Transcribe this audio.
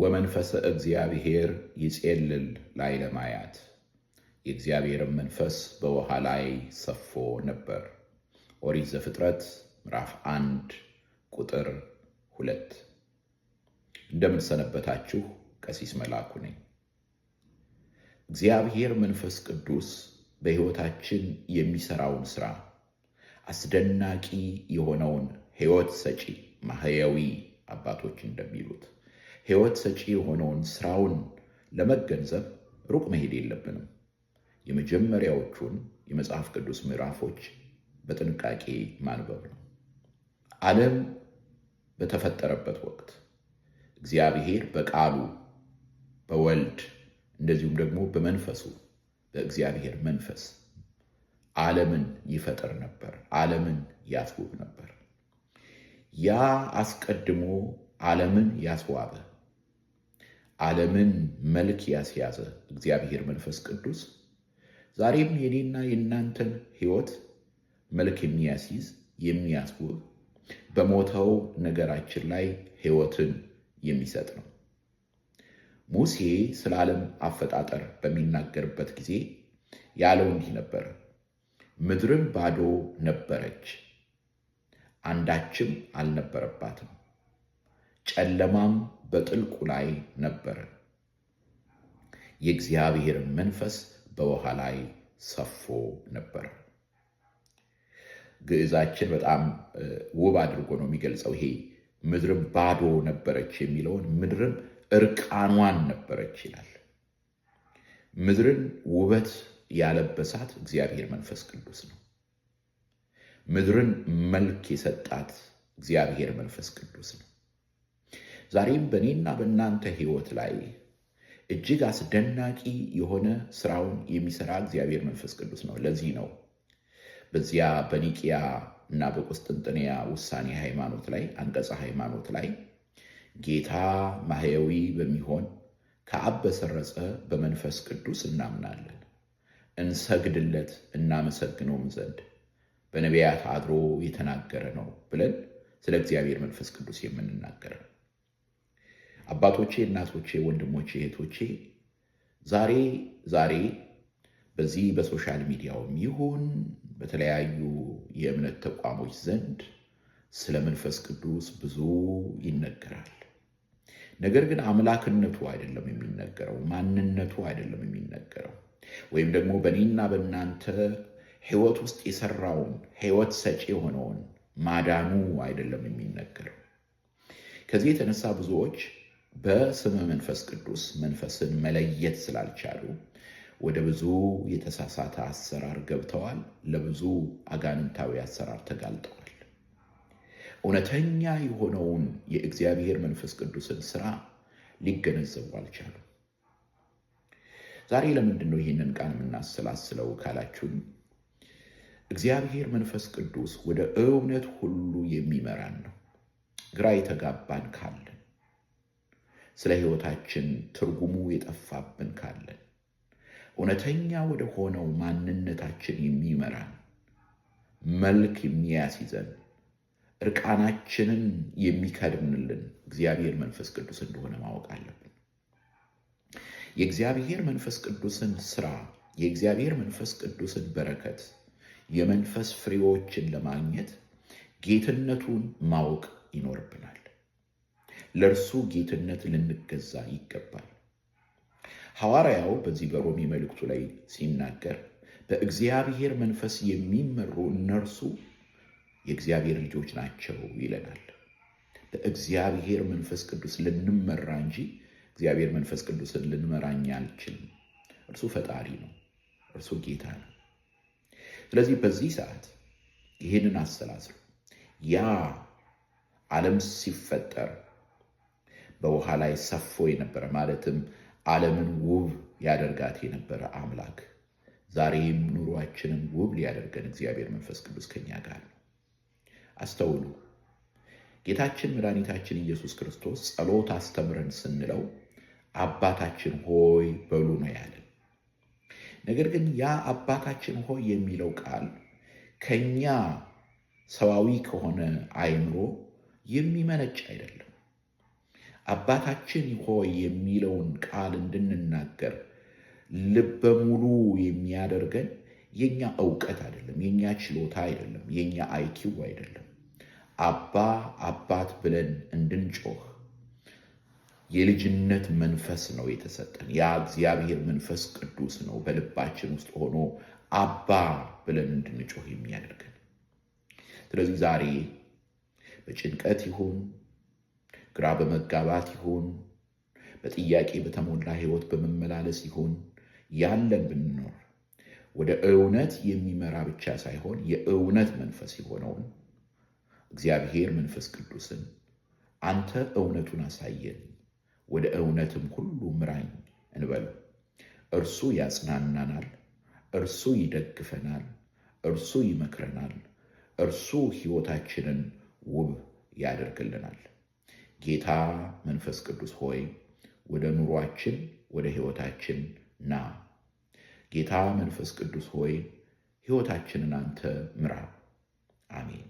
ወመንፈሰ እግዚአብሔር ይጼልል ላይ ለማያት የእግዚአብሔርን መንፈስ በውሃ ላይ ሰፎ ነበር። ኦሪት ዘፍጥረት ምዕራፍ አንድ ቁጥር ሁለት እንደምንሰነበታችሁ ቀሲስ መላኩ ነኝ። እግዚአብሔር መንፈስ ቅዱስ በሕይወታችን የሚሠራውን ሥራ አስደናቂ የሆነውን ሕይወት ሰጪ ማህያዊ አባቶች እንደሚሉት ሕይወት ሰጪ የሆነውን ሥራውን ለመገንዘብ ሩቅ መሄድ የለብንም። የመጀመሪያዎቹን የመጽሐፍ ቅዱስ ምዕራፎች በጥንቃቄ ማንበብ ነው። ዓለም በተፈጠረበት ወቅት እግዚአብሔር በቃሉ በወልድ እንደዚሁም ደግሞ በመንፈሱ በእግዚአብሔር መንፈስ ዓለምን ይፈጥር ነበር፣ ዓለምን ያስውብ ነበር። ያ አስቀድሞ ዓለምን ያስዋበ ዓለምን መልክ ያስያዘ እግዚአብሔር መንፈስ ቅዱስ ዛሬም የኔና የእናንተን ሕይወት መልክ የሚያስይዝ የሚያስውብ በሞተው ነገራችን ላይ ሕይወትን የሚሰጥ ነው። ሙሴ ስለ ዓለም አፈጣጠር በሚናገርበት ጊዜ ያለው እንዲህ ነበር፣ ምድርም ባዶ ነበረች፣ አንዳችም አልነበረባትም፣ ጨለማም በጥልቁ ላይ ነበር። የእግዚአብሔር መንፈስ በውሃ ላይ ሰፎ ነበር። ግዕዛችን በጣም ውብ አድርጎ ነው የሚገልጸው። ይሄ ምድርም ባዶ ነበረች የሚለውን ምድርም እርቃኗን ነበረች ይላል። ምድርን ውበት ያለበሳት እግዚአብሔር መንፈስ ቅዱስ ነው። ምድርን መልክ የሰጣት እግዚአብሔር መንፈስ ቅዱስ ነው። ዛሬም በእኔና በእናንተ ህይወት ላይ እጅግ አስደናቂ የሆነ ስራውን የሚሰራ እግዚአብሔር መንፈስ ቅዱስ ነው። ለዚህ ነው በዚያ በኒቅያ እና በቁስጥንጥንያ ውሳኔ ሃይማኖት ላይ አንቀጸ ሃይማኖት ላይ ጌታ ማህያዊ በሚሆን ከአብ በሰረጸ በመንፈስ ቅዱስ እናምናለን እንሰግድለት እናመሰግነውም ዘንድ በነቢያት አድሮ የተናገረ ነው ብለን ስለ እግዚአብሔር መንፈስ ቅዱስ የምንናገረው አባቶቼ፣ እናቶቼ፣ ወንድሞቼ፣ እህቶቼ ዛሬ ዛሬ በዚህ በሶሻል ሚዲያውም ይሁን በተለያዩ የእምነት ተቋሞች ዘንድ ስለ መንፈስ ቅዱስ ብዙ ይነገራል። ነገር ግን አምላክነቱ አይደለም የሚነገረው፣ ማንነቱ አይደለም የሚነገረው ወይም ደግሞ በእኔና በእናንተ ሕይወት ውስጥ የሰራውን ሕይወት ሰጪ የሆነውን ማዳኑ አይደለም የሚነገረው። ከዚህ የተነሳ ብዙዎች በስመ መንፈስ ቅዱስ መንፈስን መለየት ስላልቻሉ ወደ ብዙ የተሳሳተ አሰራር ገብተዋል። ለብዙ አጋንንታዊ አሰራር ተጋልጠዋል። እውነተኛ የሆነውን የእግዚአብሔር መንፈስ ቅዱስን ስራ ሊገነዘቡ አልቻሉም። ዛሬ ለምንድን ነው ይህንን ቃል የምናሰላስለው ካላችሁኝ፣ እግዚአብሔር መንፈስ ቅዱስ ወደ እውነት ሁሉ የሚመራን ነው። ግራ የተጋባን ካለን ስለ ሕይወታችን ትርጉሙ የጠፋብን ካለን እውነተኛ ወደ ሆነው ማንነታችን የሚመራን መልክ የሚያስይዘን እርቃናችንን የሚከድንልን እግዚአብሔር መንፈስ ቅዱስ እንደሆነ ማወቅ አለብን። የእግዚአብሔር መንፈስ ቅዱስን ስራ፣ የእግዚአብሔር መንፈስ ቅዱስን በረከት፣ የመንፈስ ፍሬዎችን ለማግኘት ጌትነቱን ማወቅ ይኖርብናል። ለእርሱ ጌትነት ልንገዛ ይገባል። ሐዋርያው በዚህ በሮሚ መልእክቱ ላይ ሲናገር በእግዚአብሔር መንፈስ የሚመሩ እነርሱ የእግዚአብሔር ልጆች ናቸው ይለናል። በእግዚአብሔር መንፈስ ቅዱስ ልንመራ እንጂ እግዚአብሔር መንፈስ ቅዱስን ልንመራኝ አልችልም። እርሱ ፈጣሪ ነው። እርሱ ጌታ ነው። ስለዚህ በዚህ ሰዓት ይህንን አሰላስሉ። ያ ዓለም ሲፈጠር በውሃ ላይ ሰፎ የነበረ ማለትም ዓለምን ውብ ያደርጋት የነበረ አምላክ ዛሬም ኑሯችንን ውብ ሊያደርገን እግዚአብሔር መንፈስ ቅዱስ ከኛ ጋር ነው። አስተውሉ። ጌታችን መድኃኒታችን ኢየሱስ ክርስቶስ ጸሎት አስተምረን ስንለው አባታችን ሆይ በሉ ነው ያለን። ነገር ግን ያ አባታችን ሆይ የሚለው ቃል ከኛ ሰዋዊ ከሆነ አይምሮ የሚመነጭ አይደለም። አባታችን ሆይ የሚለውን ቃል እንድንናገር ልበ ሙሉ የሚያደርገን የኛ እውቀት አይደለም፣ የኛ ችሎታ አይደለም፣ የኛ አይኪው አይደለም። አባ አባት ብለን እንድንጮህ የልጅነት መንፈስ ነው የተሰጠን። ያ እግዚአብሔር መንፈስ ቅዱስ ነው በልባችን ውስጥ ሆኖ አባ ብለን እንድንጮህ የሚያደርገን። ስለዚህ ዛሬ በጭንቀት ይሁን ግራ በመጋባት ይሆን? በጥያቄ በተሞላ ህይወት በመመላለስ ይሆን? ያለን ብንኖር ወደ እውነት የሚመራ ብቻ ሳይሆን የእውነት መንፈስ የሆነውን እግዚአብሔር መንፈስ ቅዱስን አንተ እውነቱን አሳየን፣ ወደ እውነትም ሁሉ ምራኝ እንበል። እርሱ ያጽናናናል፣ እርሱ ይደግፈናል፣ እርሱ ይመክረናል፣ እርሱ ህይወታችንን ውብ ያደርግልናል። ጌታ መንፈስ ቅዱስ ሆይ ወደ ኑሯችን ወደ ሕይወታችን ና። ጌታ መንፈስ ቅዱስ ሆይ ሕይወታችንን አንተ ምራ። አሜን።